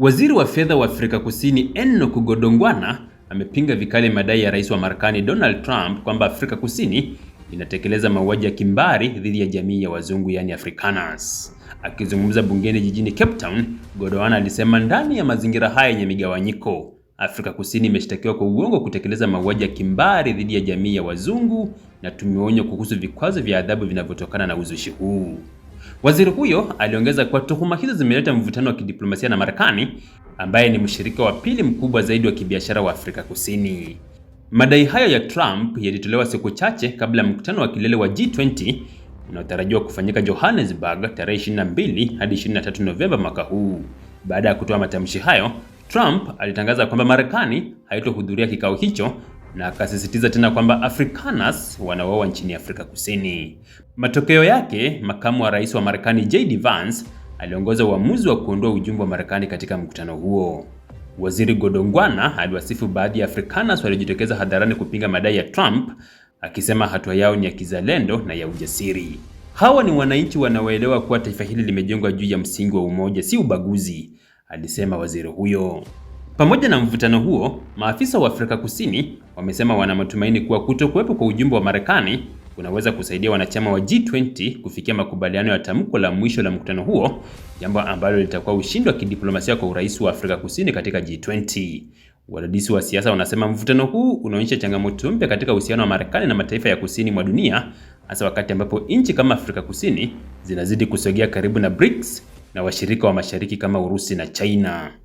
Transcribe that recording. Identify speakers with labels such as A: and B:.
A: Waziri wa fedha wa Afrika Kusini Enock Godongwana amepinga vikali madai ya Rais wa Marekani Donald Trump kwamba Afrika Kusini inatekeleza mauaji ya kimbari dhidi ya jamii ya wazungu yaani Afrikaners. Akizungumza bungeni jijini Cape Town, Godongwana alisema ndani ya mazingira haya yenye migawanyiko, Afrika Kusini imeshtakiwa kwa uongo kutekeleza mauaji ya kimbari dhidi ya jamii ya wazungu na tumeonywa kuhusu vikwazo vya adhabu vinavyotokana na uzushi huu. Waziri huyo aliongeza kuwa tuhuma hizo zimeleta mvutano wa kidiplomasia na Marekani ambaye ni mshirika wa pili mkubwa zaidi wa kibiashara wa Afrika Kusini. Madai hayo ya Trump yalitolewa siku chache kabla ya mkutano wa kilele wa G20 unaotarajiwa kufanyika Johannesburg tarehe 22 hadi 23 Novemba mwaka huu. Baada ya kutoa matamshi hayo, Trump alitangaza kwamba Marekani haitohudhuria kikao hicho na akasisitiza tena kwamba Afrikaners wanaoa nchini Afrika Kusini. Matokeo yake, makamu wa rais wa Marekani JD Vance aliongoza uamuzi wa kuondoa ujumbe wa Marekani katika mkutano huo. Waziri Godongwana aliwasifu baadhi ya Afrikaners waliojitokeza hadharani kupinga madai ya Trump, akisema hatua yao ni ya kizalendo na ya ujasiri. Hawa ni wananchi wanaoelewa kuwa taifa hili limejengwa juu ya msingi wa umoja, si ubaguzi, alisema waziri huyo. Pamoja na mvutano huo, maafisa wa Afrika Kusini wamesema wana matumaini kuwa kutokuwepo kwa ujumbe wa Marekani kunaweza kusaidia wanachama wa G20 kufikia makubaliano ya tamko la mwisho la mkutano huo, jambo ambalo litakuwa ushindi wa kidiplomasia kwa urais wa Afrika Kusini katika G20. Wadadisi wa siasa wanasema mvutano huu unaonyesha changamoto mpya katika uhusiano wa Marekani na mataifa ya kusini mwa dunia, hasa wakati ambapo nchi kama Afrika Kusini zinazidi kusogea karibu na BRICS na washirika wa mashariki kama Urusi na China.